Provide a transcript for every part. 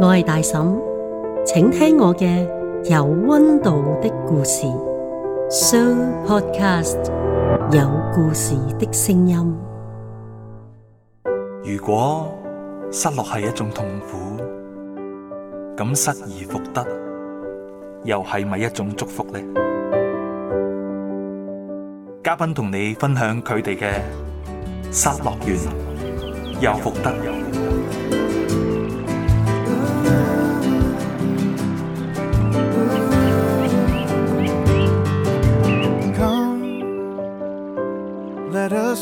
我係大嬸，請聽我嘅有温度的故事。Show Podcast 有故事的聲音。如果失落係一種痛苦，咁失而復得又係咪一種祝福呢？嘉賓同你分享佢哋嘅失落完又復得。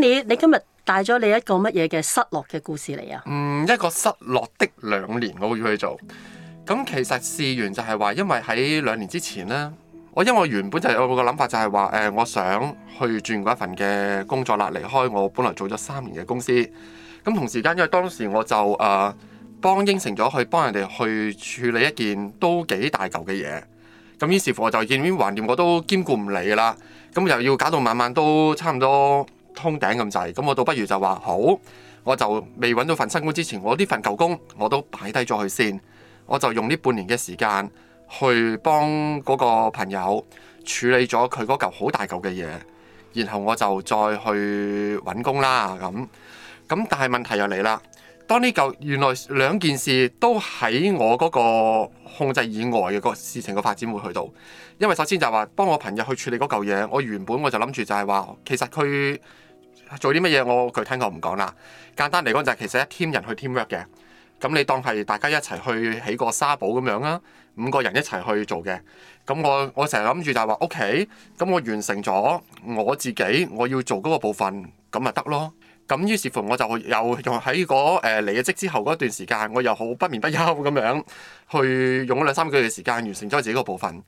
你今日帶咗你一個乜嘢嘅失落嘅故事嚟啊？嗯，一個失落的兩年我要去做。咁其實事緣就係話，因為喺兩年之前咧，我因為我原本就有個諗法就係話誒，我想去轉嗰一份嘅工作啦，離開我本來做咗三年嘅公司。咁同時間，因為當時我就誒幫、呃、應承咗去幫人哋去處理一件都幾大嚿嘅嘢。咁於是乎我就見面，橫掂我都兼顧唔理啦。咁又要搞到晚晚都差唔多。通頂咁滯，咁我倒不如就話好，我就未揾到份新工之前，我呢份舊工我都擺低咗佢先，我就用呢半年嘅時間去幫嗰個朋友處理咗佢嗰嚿好大嚿嘅嘢，然後我就再去揾工啦咁。咁但係問題又嚟啦，當呢嚿原來兩件事都喺我嗰個控制以外嘅個事情個發展會去到，因為首先就話幫我朋友去處理嗰嚿嘢，我原本我就諗住就係話其實佢。做啲乜嘢我據聽過，唔講啦，簡單嚟講就係其實一 team 人去 teamwork 嘅，咁你當係大家一齊去起個沙堡咁樣啦，五個人一齊去做嘅，咁我我成日諗住就係話，ok，咁我完成咗我自己我要做嗰個部分咁咪得咯，咁於是乎我就又喺嗰誒離職之後嗰段時間，我又好不眠不休咁樣去用咗兩三個月嘅時間完成咗自己嗰部分，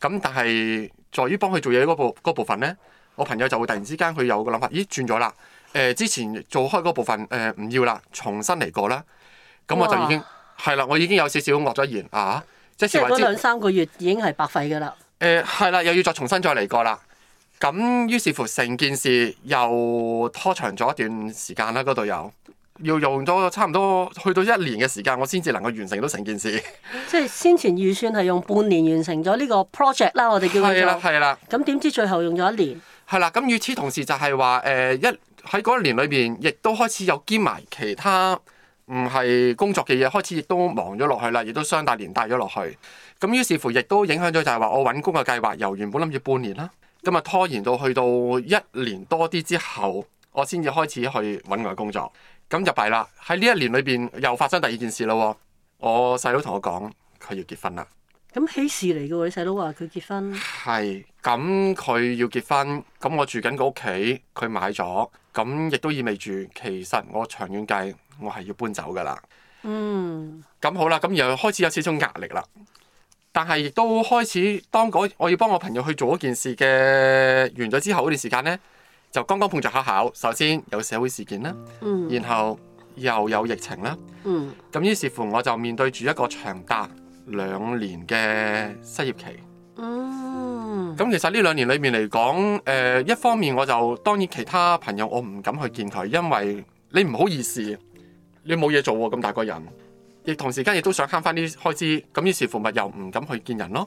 那個，咁但係在於幫佢做嘢，嗰部部分呢，我朋友就會突然之間佢有個諗法，咦轉咗啦！誒、呃、之前做開嗰部分誒唔、呃、要啦，重新嚟過啦。咁我就已經係啦哇，我已經有少少惡咗言啊！即係嗰兩三個月已經係白費嘅啦。誒係啦，又要再重新再嚟過啦。咁於是乎成件事又拖長咗一段時間啦。嗰度又要用咗差唔多去到一年嘅時間，我先至能夠完成到成件事。即係先前預算係用半年完成咗呢個 project 啦，我哋叫佢啦，係啦。咁點知最後用咗一年。係啦，咁與此同時就係話誒一喺嗰一年裏邊，亦都開始有兼埋其他唔係工作嘅嘢，開始亦都忙咗落去啦，亦都雙大連帶咗落去。咁於是乎亦都影響咗，就係話我揾工嘅計劃由原本諗住半年啦，咁啊拖延到去到一年多啲之後，我先至開始去揾我工作。咁就弊啦，喺呢一年裏邊又發生第二件事啦。我細佬同我講，佢要結婚啦。咁喜事嚟嘅喎，你細佬話佢結婚？係，咁佢要結婚，咁我住緊個屋企，佢買咗，咁亦都意味住其實我長遠計，我係要搬走嘅啦。嗯。咁好啦，咁又開始有少少壓力啦。但係亦都開始當我要幫我朋友去做一件事嘅完咗之後嗰段時間呢，就剛剛碰着考考。首先有社會事件啦，嗯，然後又有疫情啦，嗯，咁於是乎我就面對住一個長假。兩年嘅失業期，嗯，咁其實呢兩年裏面嚟講，誒、呃、一方面我就當然其他朋友我唔敢去見佢，因為你唔好意思，你冇嘢做喎、哦、咁大個人，亦同時間亦都想慳翻啲開支，咁於是乎咪又唔敢去見人咯。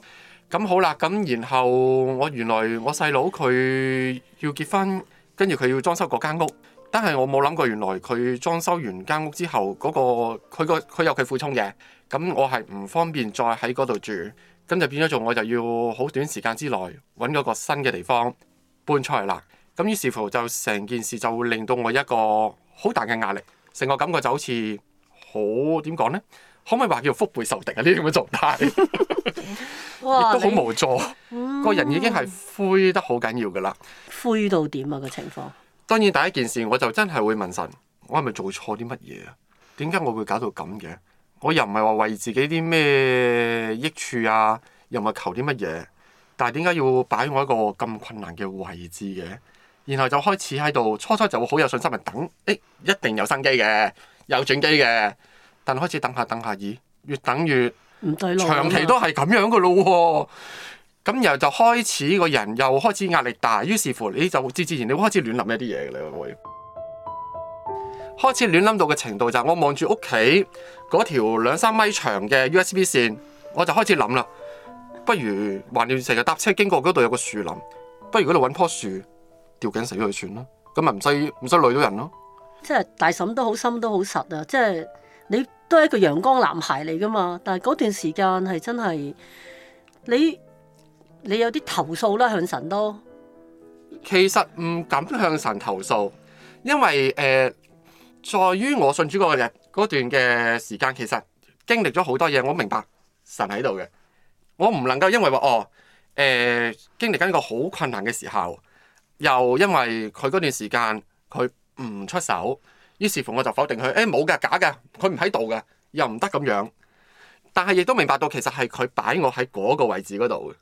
咁好啦，咁然後我原來我細佬佢要結婚，跟住佢要裝修嗰間屋，但係我冇諗過原來佢裝修完間屋之後嗰、那個佢個佢有佢付充嘅。咁我係唔方便再喺嗰度住，咁就變咗做我就要好短時間之內揾嗰個新嘅地方搬出嚟啦。咁於是乎就成件事就會令到我一個好大嘅壓力，成個感覺就好似好，點講呢？可唔可以話叫腹背受敵啊？呢啲咁嘅狀態，亦 哇 都好無助，嗯、個人已經係灰得好緊要噶啦。灰到點啊？個情況？當然第一件事我就真係會問神，我係咪做錯啲乜嘢啊？點解我會搞到咁嘅？我又唔係話為自己啲咩益處啊，又唔係求啲乜嘢，但係點解要擺我一個咁困難嘅位置嘅？然後就開始喺度，初初就會好有信心，係等，誒一定有生機嘅，有轉機嘅。但係開始等下等下，咦？越等越唔對路，長期都係咁樣嘅咯喎。咁、啊、然後就開始個人又開始壓力大，於是乎你就自自然你會開始亂諗一啲嘢，你會。你會開始亂諗到嘅程度就係我望住屋企嗰條兩三米長嘅 USB 線，我就開始諗啦。不如橫掂成日搭車經過嗰度有個樹林，不如嗰度揾棵樹吊頸死佢算啦。咁咪唔使唔使累到人咯。即係大嬸都好心都好實啊！即係你都係一個陽光男孩嚟㗎嘛。但係嗰段時間係真係你你有啲投訴啦、啊、向神都其實唔敢向神投訴，因為誒。呃在於我信主嗰日嗰段嘅時間，其實經歷咗好多嘢。我明白神喺度嘅，我唔能夠因為話哦，誒、呃、經歷緊一個好困難嘅時候，又因為佢嗰段時間佢唔出手，於是乎我就否定佢，誒冇㗎，假㗎，佢唔喺度嘅，又唔得咁樣。但係亦都明白到其實係佢擺我喺嗰個位置嗰度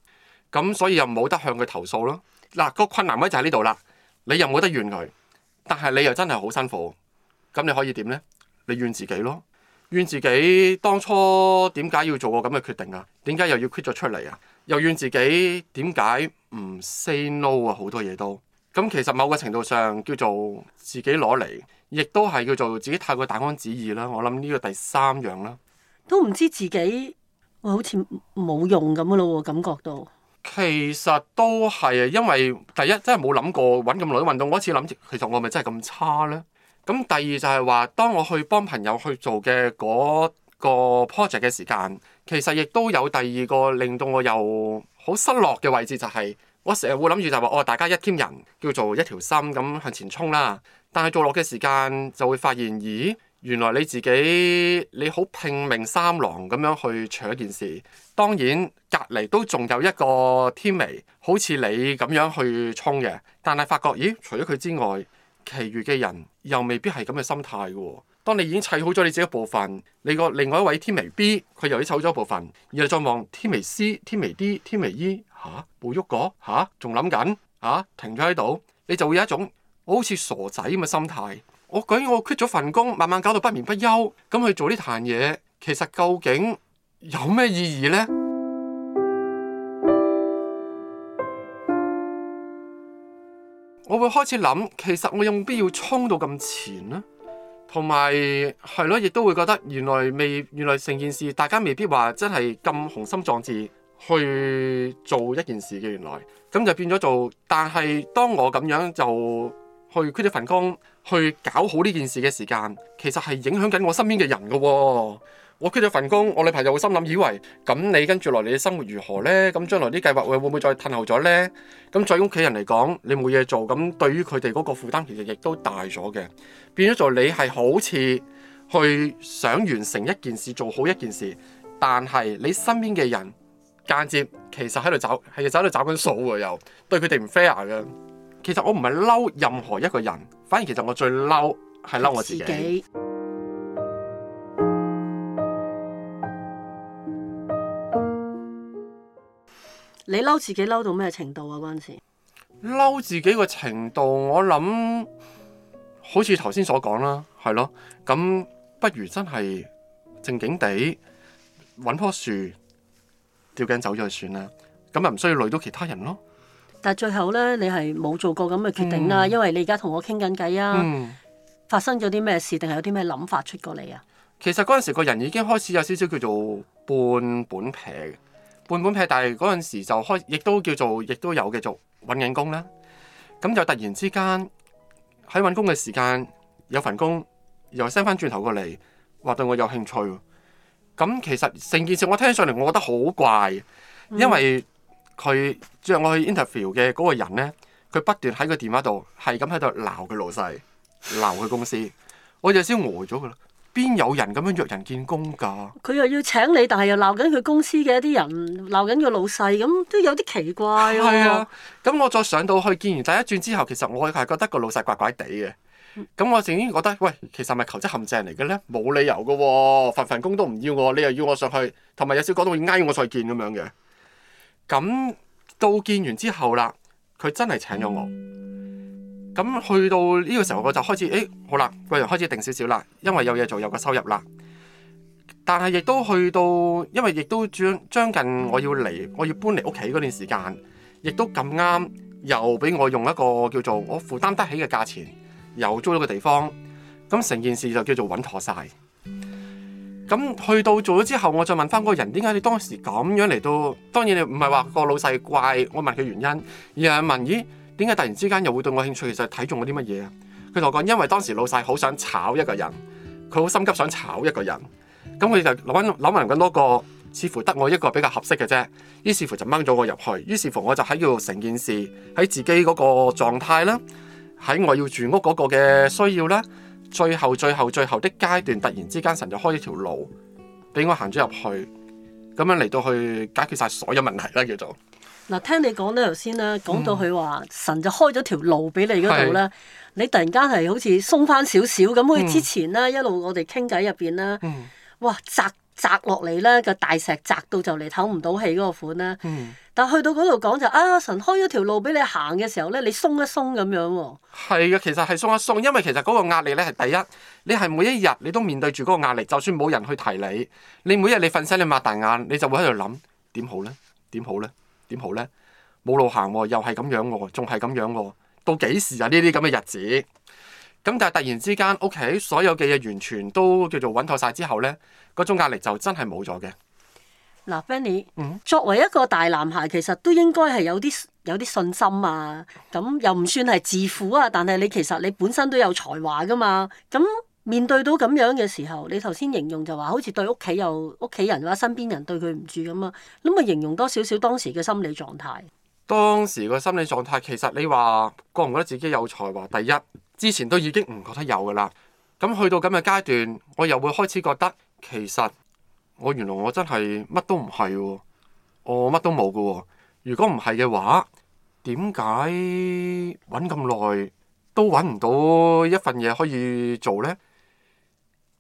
嘅，咁所以又冇得向佢投訴咯。嗱、個困難位就喺呢度啦，你又冇得怨佢，但係你又真係好辛苦。咁你可以點呢？你怨自己咯，怨自己當初點解要做個咁嘅決定啊？點解又要 quit 咗出嚟啊？又怨自己點解唔 say no 啊？好多嘢都咁，其實某個程度上叫做自己攞嚟，亦都係叫做自己太過大安旨意啦。我諗呢個第三樣啦，都唔知自己哇好似冇用咁咯，感覺到。其實都係因為第一，第一真係冇諗過揾咁耐運動，我一次諗住，其實我咪真係咁差呢。咁第二就係話，當我去幫朋友去做嘅嗰個 project 嘅時間，其實亦都有第二個令到我又好失落嘅位置，就係我成日會諗住就話，我、哦、大家一 team 人叫做一條心咁向前衝啦。但係做落嘅時間就會發現，咦，原來你自己你好拼命三郎咁樣去除一件事，當然隔離都仲有一個 team member 好似你咁樣去衝嘅，但係發覺咦，除咗佢之外。其餘嘅人又未必係咁嘅心態嘅。當你已經砌好咗你自己一部分，你個另外一位天微 B，佢又已砌咗一部分，然後再望天微 C 天 D, 天、e, 啊、天微 D、天微 E，嚇冇喐過，嚇仲諗緊，嚇、啊、停咗喺度，你就會有一種我好似傻仔咁嘅心態。我居然我 quit 咗份工，慢慢搞到不眠不休，咁去做呢壇嘢，其實究竟有咩意義呢？我會開始諗，其實我有冇必要衝到咁前呢？同埋係咯，亦都會覺得原來未，原來成件事大家未必話真係咁雄心壯志去做一件事嘅。原來咁就變咗做。但係當我咁樣就去佢哋份工，去搞好呢件事嘅時間，其實係影響緊我身邊嘅人㗎喎。我缺咗份工，我女朋友會心諗，以為咁你跟住落嚟，你生活如何呢？咁將來啲計劃會會唔會再褪後咗呢？咁再屋企人嚟講，你冇嘢做，咁對於佢哋嗰個負擔其實亦都大咗嘅，變咗做你係好似去想完成一件事，做好一件事，但係你身邊嘅人間接其實喺度找，係喺度找緊數嘅又，對佢哋唔 fair 嘅。其實我唔係嬲任何一個人，反而其實我最嬲係嬲我自己。自己你嬲自己嬲到咩程度啊？嗰陣時嬲自己個程度，我諗好似頭先所講啦，係咯，咁不如真係正經地揾棵樹吊頸走咗去算啦，咁又唔需要累到其他人咯。但係最後咧，你係冇做過咁嘅決定啦，嗯、因為你而家同我傾緊偈啊。嗯、發生咗啲咩事，定係有啲咩諗法出過嚟啊？其實嗰陣時個人已經開始有少少叫做半本撇。半本劈但係嗰陣時就開，亦都叫做，亦都有繼續揾緊工啦。咁就突然之間喺揾工嘅時間，有份工又 send 翻轉頭過嚟，話對我有興趣。咁其實成件事我聽上嚟，我覺得好怪，因為佢即係我去 interview 嘅嗰個人呢，佢不斷喺個電話度係咁喺度鬧佢老細，鬧佢公司，我就先呆咗佢啦。邊有人咁樣約人見工㗎？佢又要請你，但係又鬧緊佢公司嘅一啲人，鬧緊個老細，咁都有啲奇怪喎。係啊，咁我再上到去見完第一轉之後，其實我係覺得個老細怪怪地嘅。咁我就已經覺得，喂，其實係咪求職陷阱嚟嘅咧，冇理由嘅喎、哦，份份工都唔要我，你又要我上去，同埋有少講到要嗌我再見咁樣嘅。咁到見完之後啦，佢真係請咗我。嗯咁去到呢個時候，我就開始誒、哎，好啦，費用開始定少少啦，因為有嘢做，有個收入啦。但係亦都去到，因為亦都將將近我要嚟，我要搬嚟屋企嗰段時間，亦都咁啱又俾我用一個叫做我負擔得起嘅價錢，又租咗個地方。咁成件事就叫做穩妥晒。咁去到做咗之後，我再問翻嗰個人，點解你當時咁樣嚟到？當然你唔係話個老細怪，我問佢原因，而係問咦？點解突然之間又會對我興趣？其實睇中我啲乜嘢啊？佢同我講，因為當時老細好想炒一個人，佢好心急想炒一個人，咁佢就諗諗埋咁多個，似乎得我一個比較合適嘅啫。於是乎就掹咗我入去。於是乎我就喺度成件事喺自己嗰個狀態啦，喺我要住屋嗰個嘅需要啦，最後最後最後的階段，突然之間神就開咗條路俾我行咗入去，咁樣嚟到去解決晒所有問題啦，叫做。嗱，聽你講咧，頭先咧講到佢話、嗯、神就開咗條路俾你嗰度咧，是你突然間係好似鬆翻少少咁。好似、嗯、之前咧，一路我哋傾偈入邊咧，嗯、哇，砸砸落嚟咧個大石砸到就嚟唞唔到氣嗰個款咧。嗯、但去到嗰度講就啊，神開咗條路俾你行嘅時候咧，你鬆一鬆咁樣喎。係嘅，其實係鬆一鬆，因為其實嗰個壓力咧係第一，你係每一日你都面對住嗰個壓力，就算冇人去提你，你每日你瞓醒你擘大眼，你就會喺度諗點好咧，點好咧。點好咧？冇路行啊，又係咁樣個啊，仲係咁樣個啊，到幾時啊？呢啲咁嘅日子，咁但係突然之間屋企所有嘅嘢，完全都叫做穩妥晒之後咧，嗰種壓力就真係冇咗嘅。嗱，Benny，嗯，作為一個大男孩，其實都應該係有啲有啲信心啊。咁又唔算係自負啊，但係你其實你本身都有才華噶嘛。咁。面對到咁樣嘅時候，你頭先形容就話，好似對屋企又屋企人或者身邊人對佢唔住咁啊，咁啊形容多少少當時嘅心理狀態。當時嘅心理狀態，其實你話覺唔覺得自己有才華？第一，之前都已經唔覺得有噶啦。咁去到咁嘅階段，我又會開始覺得，其實我原來我真係乜都唔係喎，我乜都冇噶喎。如果唔係嘅話，點解搵咁耐都搵唔到一份嘢可以做呢？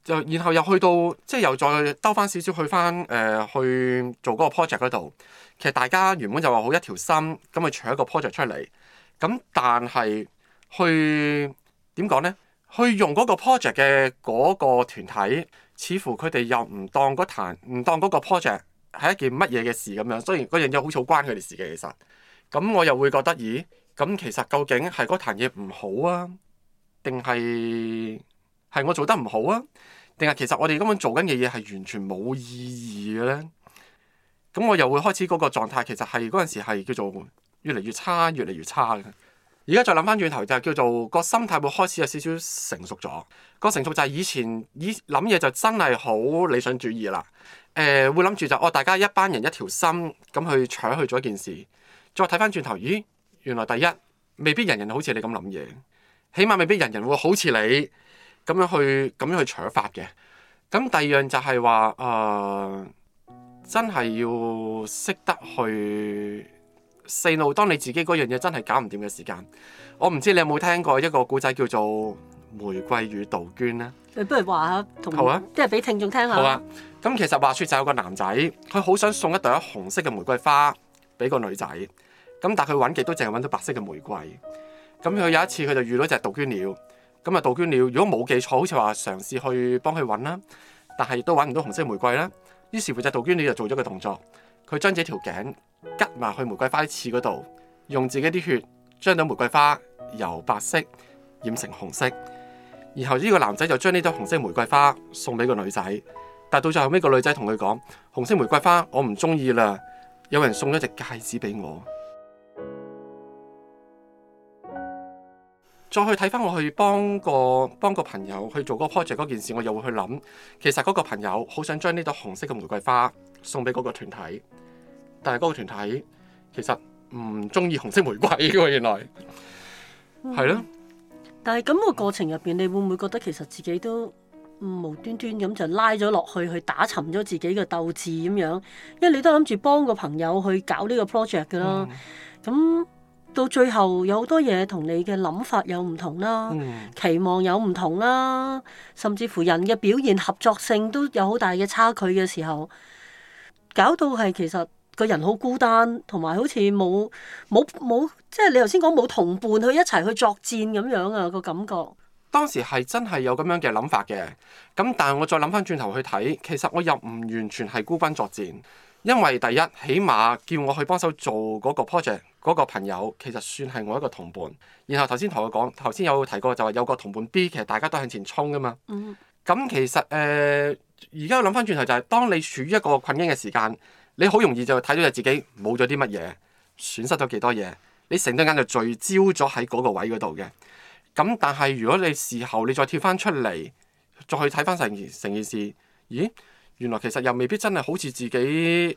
就然後又去到，即係又再兜翻少少去翻，誒、呃、去做嗰個 project 嗰度。其實大家原本就話好一條心，咁去取一個 project 出嚟。咁但係去點講呢？去用嗰個 project 嘅嗰個團體，似乎佢哋又唔當嗰壇唔當嗰個 project 係一件乜嘢嘅事咁樣。雖然嗰樣嘢好似好關佢哋事嘅，其實咁我又會覺得，咦？咁其實究竟係嗰壇嘢唔好啊，定係？係我做得唔好啊？定係其實我哋根本做緊嘅嘢係完全冇意義嘅咧？咁我又會開始嗰個狀態，其實係嗰陣時係叫做越嚟越差，越嚟越差嘅。而家再諗翻轉頭，就叫做個心態會開始有少少成熟咗。個成熟就係以前以諗嘢就真係好理想主義啦。誒、呃、會諗住就我、哦、大家一班人一條心咁去搶去做一件事。再睇翻轉頭，咦，原來第一未必人人好似你咁諗嘢，起碼未必人人會好似你。咁樣去咁樣去取法嘅，咁第二樣就係話誒，真係要識得去細路。當你自己嗰樣嘢真係搞唔掂嘅時間，我唔知你有冇聽過一個古仔叫做《玫瑰與杜鵑》咧？你不如話下同，啊、即係俾聽眾聽下。好啊，咁其實話説就有個男仔，佢好想送一朵紅色嘅玫瑰花俾個女仔，咁但係佢揾極都淨係揾到白色嘅玫瑰。咁佢有一次佢就遇到隻杜鵑鳥。咁啊，杜鵑鳥。如果冇記錯，好似話嘗試去幫佢揾啦，但係亦都揾唔到紅色玫瑰啦。於是乎就杜鵑鳥就做咗個動作，佢將自己條頸拮埋去玫瑰花啲刺嗰度，用自己啲血將朵玫瑰花由白色染成紅色。然後呢個男仔就將呢朵紅色玫瑰花送俾個女仔，但到最後尾個女仔同佢講：紅色玫瑰花我唔中意啦，有人送咗隻戒指俾我。再去睇翻我去幫個幫個朋友去做嗰 project 嗰件事，我又會去諗，其實嗰個朋友好想將呢朵紅色嘅玫瑰花送俾嗰個團體，但係嗰個團體其實唔中意紅色玫瑰喎，原來係咯。嗯啊、但係咁個過程入邊，你會唔會覺得其實自己都無端端咁就拉咗落去，去打沉咗自己嘅鬥志咁樣？因為你都諗住幫個朋友去搞呢個 project 噶啦，咁、嗯。到最後有好多嘢同你嘅諗法有唔同啦，嗯、期望有唔同啦，甚至乎人嘅表現合作性都有好大嘅差距嘅時候，搞到係其實個人好孤單，同埋好似冇冇冇，即係你頭先講冇同伴去一齊去作戰咁樣啊、嗰個感覺。當時係真係有咁樣嘅諗法嘅，咁但係我再諗返轉頭去睇，其實我又唔完全係孤軍作戰。因為第一，起碼叫我去幫手做嗰個 project，嗰、那個朋友其實算係我一個同伴。然後頭先同我講，頭先有提過就話有個同伴 B，其實大家都向前衝噶嘛。咁、嗯、其實誒，而家諗翻轉頭就係、是，當你處於一個困境嘅時間，你好容易就睇到你自己冇咗啲乜嘢，損失咗幾多嘢，你成對眼就聚焦咗喺嗰個位嗰度嘅。咁但係如果你事後你再跳翻出嚟，再去睇翻成件成件事，咦？原來其實又未必真係好似自己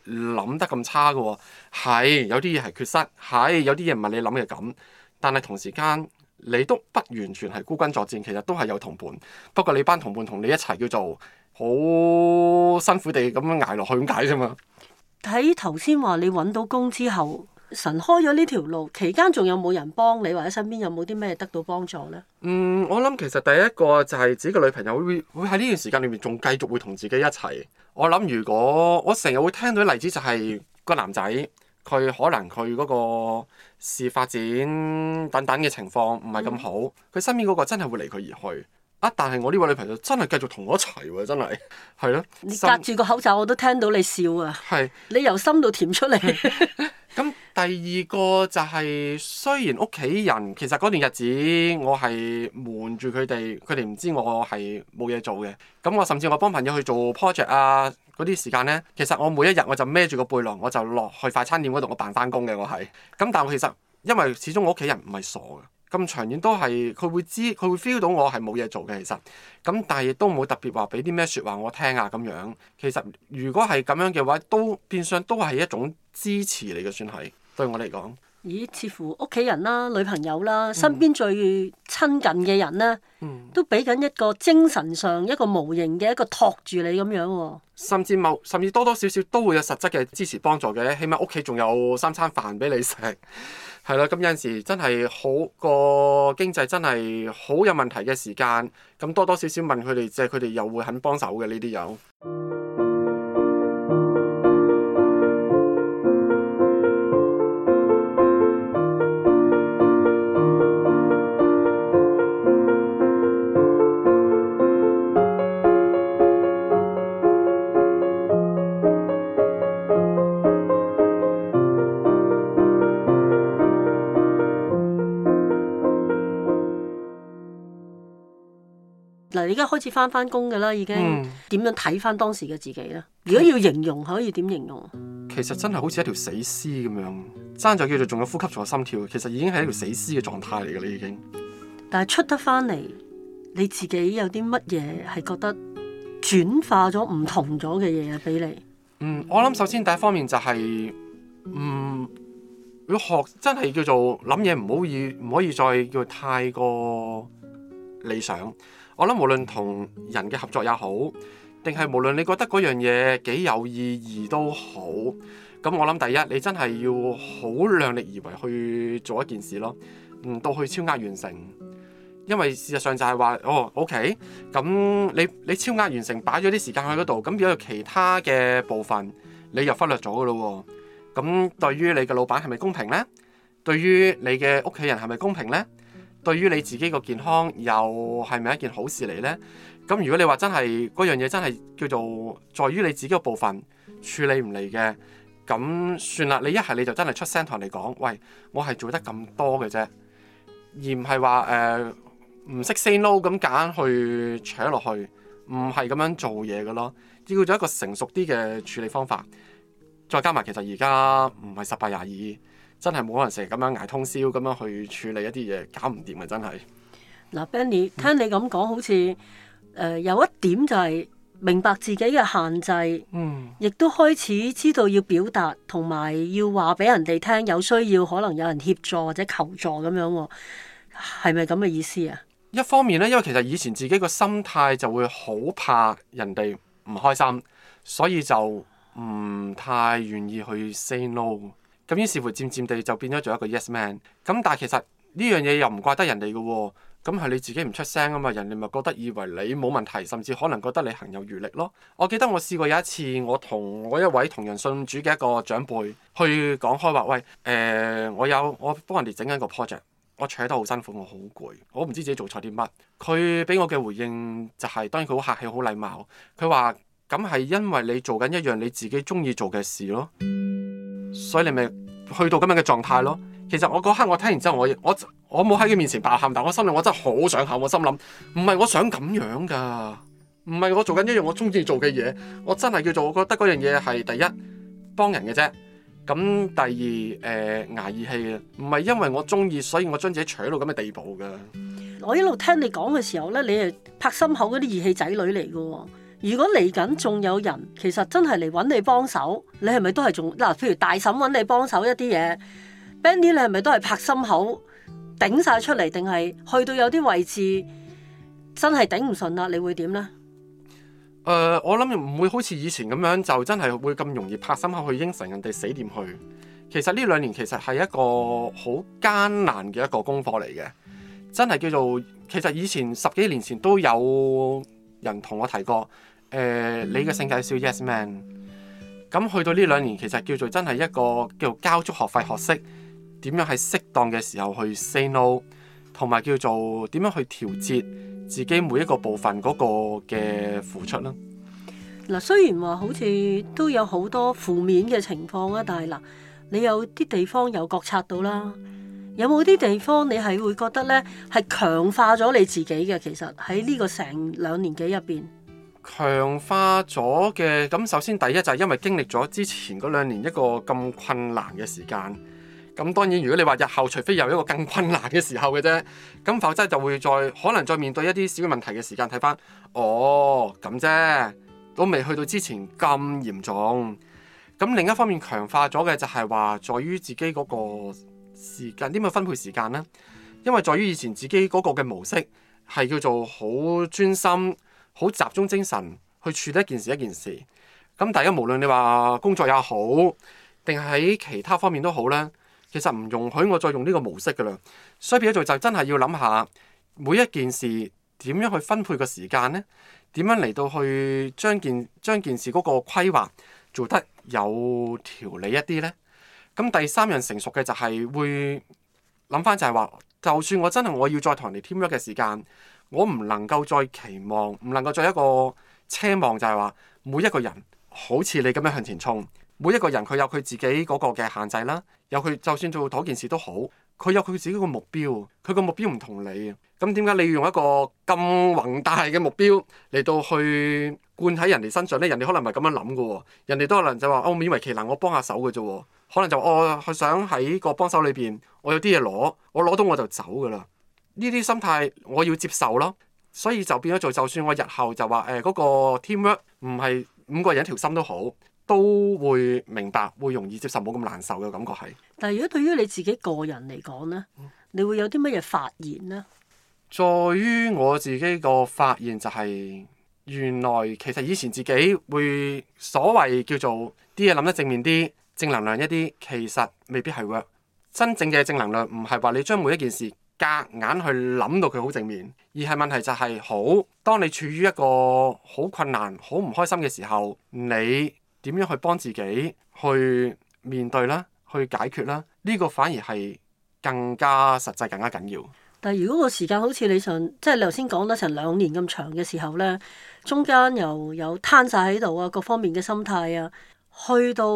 諗得咁差㗎喎、哦，係有啲嘢係缺失，係有啲嘢唔係你諗嘅咁，但係同時間你都不完全係孤軍作戰，其實都係有同伴。不過你班同伴同你一齊叫做好辛苦地咁樣捱落去咁解啫嘛。睇頭先話你揾到工之後。神開咗呢條路，期間仲有冇人幫你，或者身邊有冇啲咩得到幫助呢？嗯，我諗其實第一個就係自己嘅女朋友會會喺呢段時間裏面仲繼續會同自己一齊。我諗如果我成日會聽到啲例子，就係個男仔，佢可能佢嗰個事發展等等嘅情況唔係咁好，佢、嗯、身邊嗰個真係會離佢而去。啊！但係我呢位女朋友真係繼續同我一齊喎，啊，真係係咯。啊、你隔住個口罩我都聽到你笑啊！係你由心度甜出嚟。咁第二個就係，雖然屋企人其實嗰段日子我係瞞住佢哋，佢哋唔知我係冇嘢做嘅。咁我甚至我幫朋友去做 project 啊，嗰啲時間呢，其實我每一日我就孭住個背囊，我就落去快餐店嗰度我扮翻工嘅。我係咁，但係我其實因為始終我屋企人唔係傻嘅。咁長遠都係佢會知，佢會 feel 到我係冇嘢做嘅。其實咁，但係亦都冇特別話俾啲咩説話我聽啊。咁樣其實如果係咁樣嘅話，都變相都係一種支持嚟嘅，算係。對我嚟講。咦？似乎屋企人啦、女朋友啦、身邊最親近嘅人呢，嗯、都俾緊一個精神上一個無形嘅一個托住你咁樣喎。甚至某，甚至多多少少都會有實質嘅支持幫助嘅，起碼屋企仲有三餐飯俾你食，係啦。咁有陣時真係好，個經濟真係好有問題嘅時間，咁多多少少問佢哋借，佢哋又會肯幫手嘅呢啲樣。嗱，而家開始翻翻工噶啦，已經點、嗯、樣睇翻當時嘅自己咧？如果要形容，可以點形容？其實真係好似一條死屍咁樣，爭在叫做仲有呼吸，仲有心跳，其實已經係一條死屍嘅狀態嚟嘅啦，你已經。但係出得翻嚟，你自己有啲乜嘢係覺得轉化咗唔同咗嘅嘢俾你？嗯，我諗首先第一方面就係、是，嗯，要學真係叫做諗嘢唔好以唔可以再叫太過理想。我諗無論同人嘅合作也好，定係無論你覺得嗰樣嘢幾有意義都好，咁我諗第一，你真係要好量力而為去做一件事咯，唔到去超額完成，因為事實上就係話，哦，OK，咁你你超額完成擺咗啲時間去嗰度，咁變有其他嘅部分你又忽略咗噶咯喎，咁對於你嘅老闆係咪公平呢？對於你嘅屋企人係咪公平呢？對於你自己個健康又係咪一件好事嚟呢？咁如果你話真係嗰樣嘢真係叫做在於你自己個部分處理唔嚟嘅，咁算啦。你一係你就真係出聲同人哋講，喂，我係做得咁多嘅啫，而唔係話誒唔識 say no 咁揀去扯落去，唔係咁樣做嘢嘅咯，叫做一個成熟啲嘅處理方法。再加埋其實而家唔係十八廿二。真係冇可能成日咁樣捱通宵咁樣去處理一啲嘢，搞唔掂呀真係。嗱，Benny，聽你咁講，嗯、好似誒、呃、有一點就係明白自己嘅限制，嗯，亦都開始知道要表達，同埋要話俾人哋聽，有需要可能有人協助或者求助咁樣喎、哦，係咪咁嘅意思啊？一方面呢，因為其實以前自己個心態就會好怕人哋唔開心，所以就唔太願意去 say no。咁於是乎漸漸地就變咗做一個 yes man。咁但係其實呢樣嘢又唔怪得人哋嘅喎，咁係你自己唔出聲啊嘛，人哋咪覺得以為你冇問題，甚至可能覺得你行有餘力咯。我記得我試過有一次，我同我一位同樣信主嘅一個長輩去講開話，喂，誒、呃，我有我幫人哋整緊個 project，我坐得好辛苦，我好攰，我唔知自己做錯啲乜。佢俾我嘅回應就係、是，當然佢好客氣、好禮貌，佢話：咁係因為你做緊一樣你自己中意做嘅事咯。所以你咪去到咁樣嘅狀態咯。其實我嗰刻我聽完之後，我我我冇喺佢面前爆喊，但我心裏我真係好想喊。我心諗唔係我想咁樣噶，唔係我做緊一樣我中意做嘅嘢，我真係叫做我覺得嗰樣嘢係第一幫人嘅啫。咁第二誒、挨、呃、義氣嘅，唔係因為我中意，所以我將自己蠢到咁嘅地步噶。我一路聽你講嘅時候咧，你係拍心口嗰啲義氣仔女嚟噶。如果嚟緊仲有人，其實真係嚟揾你幫手，你係咪都係仲嗱？譬如大嬸揾你幫手一啲嘢，Bandy，你係咪都係拍心口頂晒出嚟，定係去到有啲位置真係頂唔順啦？你會點呢？呃，我諗唔會好似以前咁樣，就真係會咁容易拍心口去應承人哋死點去。其實呢兩年其實係一個好艱難嘅一個功課嚟嘅，真係叫做其實以前十幾年前都有。人同我提過，誒、呃，你嘅性格是 Yes Man。咁去到呢兩年，其實叫做真係一個叫做交足學費學識點樣喺適當嘅時候去 say no，同埋叫做點樣去調節自己每一個部分嗰個嘅付出啦。嗱、嗯，雖然話好似都有好多負面嘅情況啊，但係嗱，你有啲地方有覺察到啦。有冇啲地方你係會覺得呢？係強化咗你自己嘅？其實喺呢個成兩年幾入邊強化咗嘅。咁首先第一就係因為經歷咗之前嗰兩年一個咁困難嘅時間。咁當然如果你話日後，除非有一個更困難嘅時候嘅啫，咁否則就會再可能再面對一啲小問題嘅時間睇翻。哦，咁啫，都未去到之前咁嚴重。咁另一方面強化咗嘅就係話在於自己嗰個。時間點樣分配時間呢？因為在於以前自己嗰個嘅模式係叫做好專心、好集中精神去處理一件事一件事。咁大家無論你話工作也好，定喺其他方面都好呢，其實唔容許我再用呢個模式噶啦。所以變咗做就真係要諗下每一件事點樣去分配個時間呢？點樣嚟到去將件將件事嗰個規劃做得有條理一啲呢？咁第三樣成熟嘅就係會諗翻就係話，就算我真係我要再同人哋 teamwork 嘅時間，我唔能夠再期望，唔能夠再一個奢望，就係話每一個人好似你咁樣向前衝，每一個人佢有佢自己嗰個嘅限制啦，有佢就算做嗰件事都好，佢有佢自己個目標，佢個目標唔同你。咁點解你要用一個咁宏大嘅目標嚟到去灌喺人哋身上咧？人哋可能唔係咁樣諗嘅喎，人哋都可能就話：哦，勉為其難，我幫下手嘅啫喎。可能就、哦、我係想喺個幫手裏邊，我有啲嘢攞，我攞到我就走噶啦。呢啲心態我要接受咯，所以就變咗做，就算我日後就話誒嗰個 teamwork 唔係五個人一條心都好，都會明白會容易接受，冇咁難受嘅感覺係。但係如果對於你自己個人嚟講呢，嗯、你會有啲乜嘢發現呢？在於我自己個發現就係、是、原來其實以前自己會所謂叫做啲嘢諗得正面啲。正能量一啲，其實未必係 work。真正嘅正能量唔係話你將每一件事夾硬去諗到佢好正面，而係問題就係、是、好。當你處於一個好困難好唔開心嘅時候，你點樣去幫自己去面對啦、去解決啦？呢、這個反而係更加實際更加緊要。但係如果個時間好似你想，即係你頭先講得成兩年咁長嘅時候咧，中間又有，有攤晒喺度啊，各方面嘅心態啊，去到。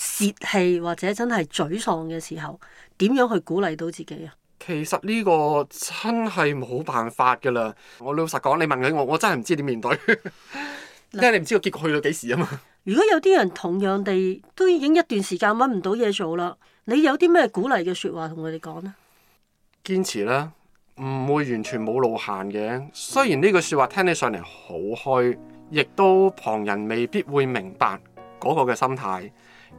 洩氣或者真係沮喪嘅時候，點樣去鼓勵到自己啊？其實呢個真係冇辦法噶啦。我老實講，你問緊我，我真係唔知點面對， 因為你唔知個結果去到幾時啊嘛。如果有啲人同樣地都已經一段時間揾唔到嘢做啦，你有啲咩鼓勵嘅說話同佢哋講呢？堅持啦，唔會完全冇路行嘅。雖然呢句說話聽起上嚟好虛，亦都旁人未必會明白嗰個嘅心態。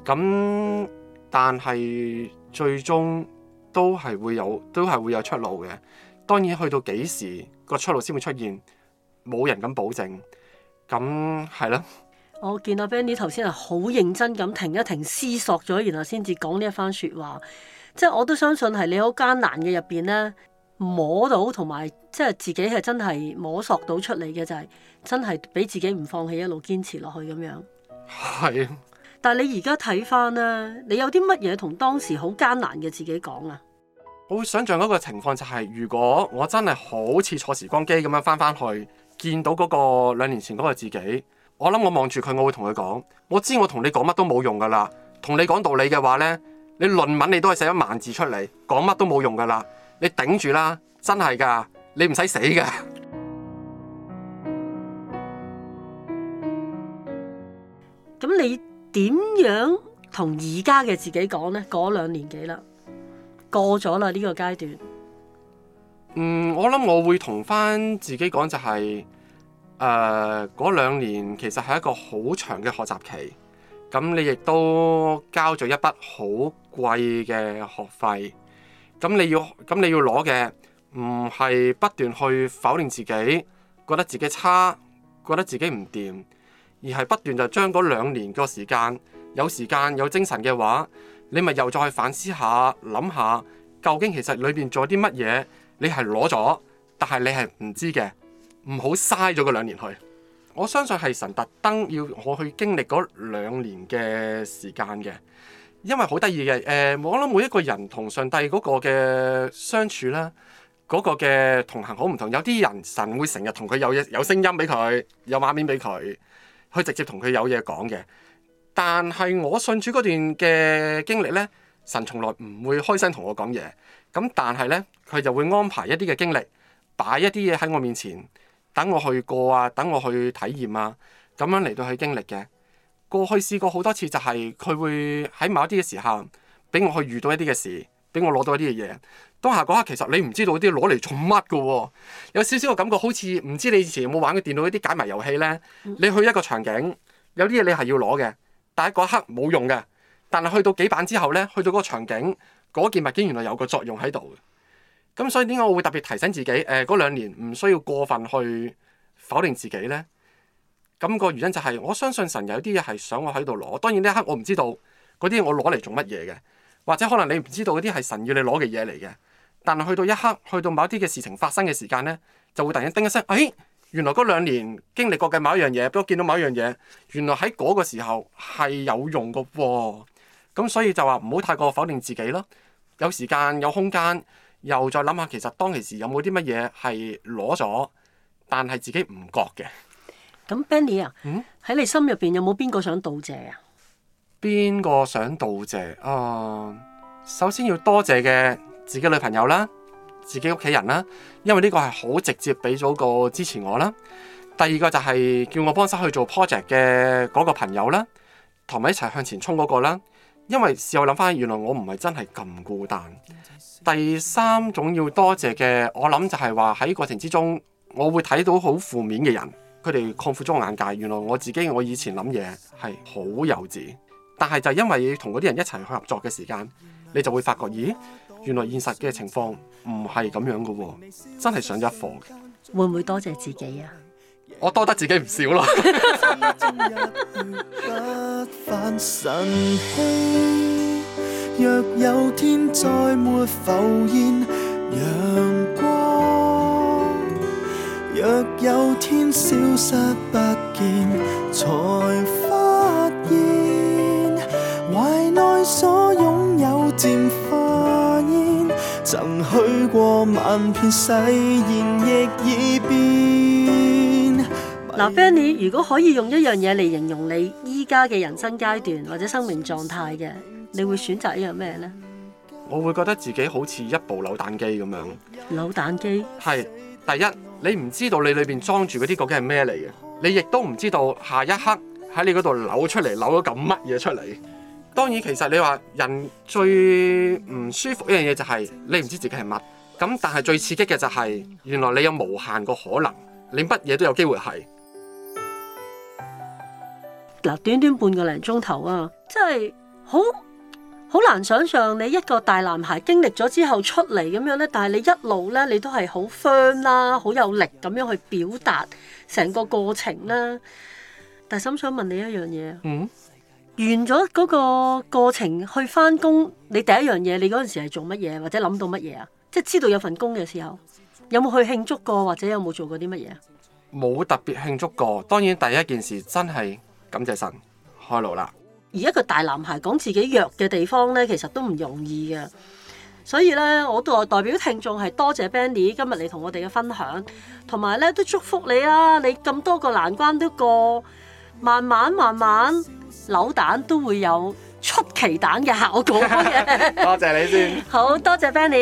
咁，但係最終都係會有，都係會有出路嘅。當然去到幾時個出路先會出現，冇人敢保證。咁係咯。我見阿 Benny 頭先係好認真咁停一停思索咗，然後先至講呢一番說話。即係我都相信係你好艱難嘅入邊呢，摸到，同埋即係自己係真係摸索到出嚟嘅就係、是、真係俾自己唔放棄，一路堅持落去咁樣。係。但係你而家睇翻咧，你有啲乜嘢同當時好艱難嘅自己講啊？我會想象嗰個情況就係，如果我真係好似坐時光機咁樣翻翻去見到嗰個兩年前嗰個自己，我諗我望住佢，我會同佢講，我知我同你講乜都冇用噶啦，同你講道理嘅話呢，你論文你都係寫一萬字出嚟，講乜都冇用噶啦，你頂住啦，真係噶，你唔使死噶。咁 你？點樣同而家嘅自己講呢？嗰兩年幾啦，過咗啦呢個階段。嗯，我諗我會同翻自己講就係，誒，嗰兩年其實係一個好長嘅學習期。咁你亦都交咗一筆好貴嘅學費。咁你要，咁你要攞嘅，唔係不斷去否定自己，覺得自己差，覺得自己唔掂。而係不斷就將嗰兩年個時間，有時間有精神嘅話，你咪又再去反思下，諗下究竟其實裏邊做啲乜嘢，你係攞咗，但係你係唔知嘅，唔好嘥咗嗰兩年去。我相信係神特登要我去經歷嗰兩年嘅時間嘅，因為好得意嘅。誒，我諗每一個人同上帝嗰個嘅相處啦，嗰個嘅同行好唔同，有啲人神會成日同佢有有聲音俾佢，有畫面俾佢。去直接同佢有嘢講嘅，但係我信主嗰段嘅經歷咧，神從來唔會開聲同我講嘢，咁但係呢佢就會安排一啲嘅經歷，擺一啲嘢喺我面前，等我去過啊，等我去體驗啊，咁樣嚟到去經歷嘅。過去試過好多次，就係佢會喺某一啲嘅時候，俾我去遇到一啲嘅事，俾我攞到一啲嘅嘢。當下嗰刻，其實你唔知道啲攞嚟做乜嘅喎，有少少個感覺，好似唔知你以前有冇玩過電腦啲解謎遊戲呢。你去一個場景，有啲嘢你係要攞嘅，但係嗰一刻冇用嘅。但係去到幾版之後呢，去到嗰個場景，嗰件物件原來有個作用喺度嘅。咁所以點解我會特別提醒自己，誒、呃、嗰兩年唔需要過分去否定自己呢？咁、那個原因就係、是、我相信神有啲嘢係想我喺度攞。當然呢一刻我唔知道嗰啲我攞嚟做乜嘢嘅，或者可能你唔知道嗰啲係神要你攞嘅嘢嚟嘅。但係去到一刻，去到某一啲嘅事情發生嘅時間呢，就會突然間叮一聲，哎，原來嗰兩年經歷過嘅某一樣嘢，不過見到某一樣嘢，原來喺嗰個時候係有用嘅喎、哦。咁所以就話唔好太過否定自己咯。有時間有空間，又再諗下其實當其時有冇啲乜嘢係攞咗，但係自己唔覺嘅。咁 Benny 啊，喺、嗯、你心入邊有冇邊個想道謝啊？邊個想道謝啊？首先要多謝嘅。自己女朋友啦，自己屋企人啦，因為呢個係好直接俾咗個支持我啦。第二個就係叫我幫手去做 project 嘅嗰個朋友啦，同埋一齊向前衝嗰個啦。因為事後諗翻，原來我唔係真係咁孤單。第三種要多謝嘅，我諗就係話喺過程之中，我會睇到好負面嘅人，佢哋擴闊咗眼界。原來我自己我以前諗嘢係好幼稚，但係就係因為同嗰啲人一齊去合作嘅時間，你就會發覺，咦？原來現實嘅情況唔係咁樣嘅喎，啊，真係上一課嘅。會唔會多謝自己啊？我多得自己唔少啦。若有天再沒浮現陽光，若有天消失不見，才發現懷內所擁有。曾許過萬遍誓言亦已變。嗱，Fanny，如果可以用一樣嘢嚟形容你依家嘅人生階段或者生命狀態嘅，你會選擇一樣咩呢？我會覺得自己好似一部扭蛋機咁樣。扭蛋機？係，第一，你唔知道你裏邊裝住嗰啲究竟係咩嚟嘅，你亦都唔知道下一刻喺你嗰度扭出嚟扭咗咁乜嘢出嚟。當然，其實你話人最唔舒服一樣嘢就係你唔知自己係乜，咁但係最刺激嘅就係原來你有無限個可能，你乜嘢都有機會係。嗱，短短半個零鐘頭啊，真係好好難想像你一個大男孩經歷咗之後出嚟咁樣呢。但係你一路呢，你都係好 fun 啦，好有力咁樣去表達成個過程啦。但係我想問你一樣嘢嗯？完咗嗰個過程去翻工，你第一樣嘢你嗰陣時係做乜嘢，或者諗到乜嘢啊？即係知道有份工嘅時候，有冇去慶祝過，或者有冇做過啲乜嘢啊？冇特別慶祝過，當然第一件事真係感謝神開路啦。而一個大男孩講自己弱嘅地方呢，其實都唔容易嘅。所以呢，我代代表聽眾係多謝 Benny 今日你同我哋嘅分享，同埋呢都祝福你啊！你咁多個難關都過，慢慢慢慢。扭蛋都會有出奇蛋嘅效果嘅，多謝你先，好多謝 Benny。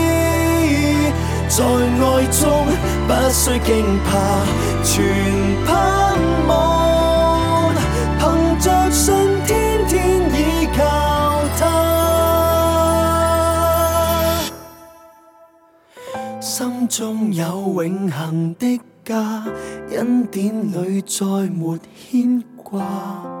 在愛中不需驚怕，全盼望，憑着信天天倚靠他。 心中有永恆的家，恩典裏再沒牽掛。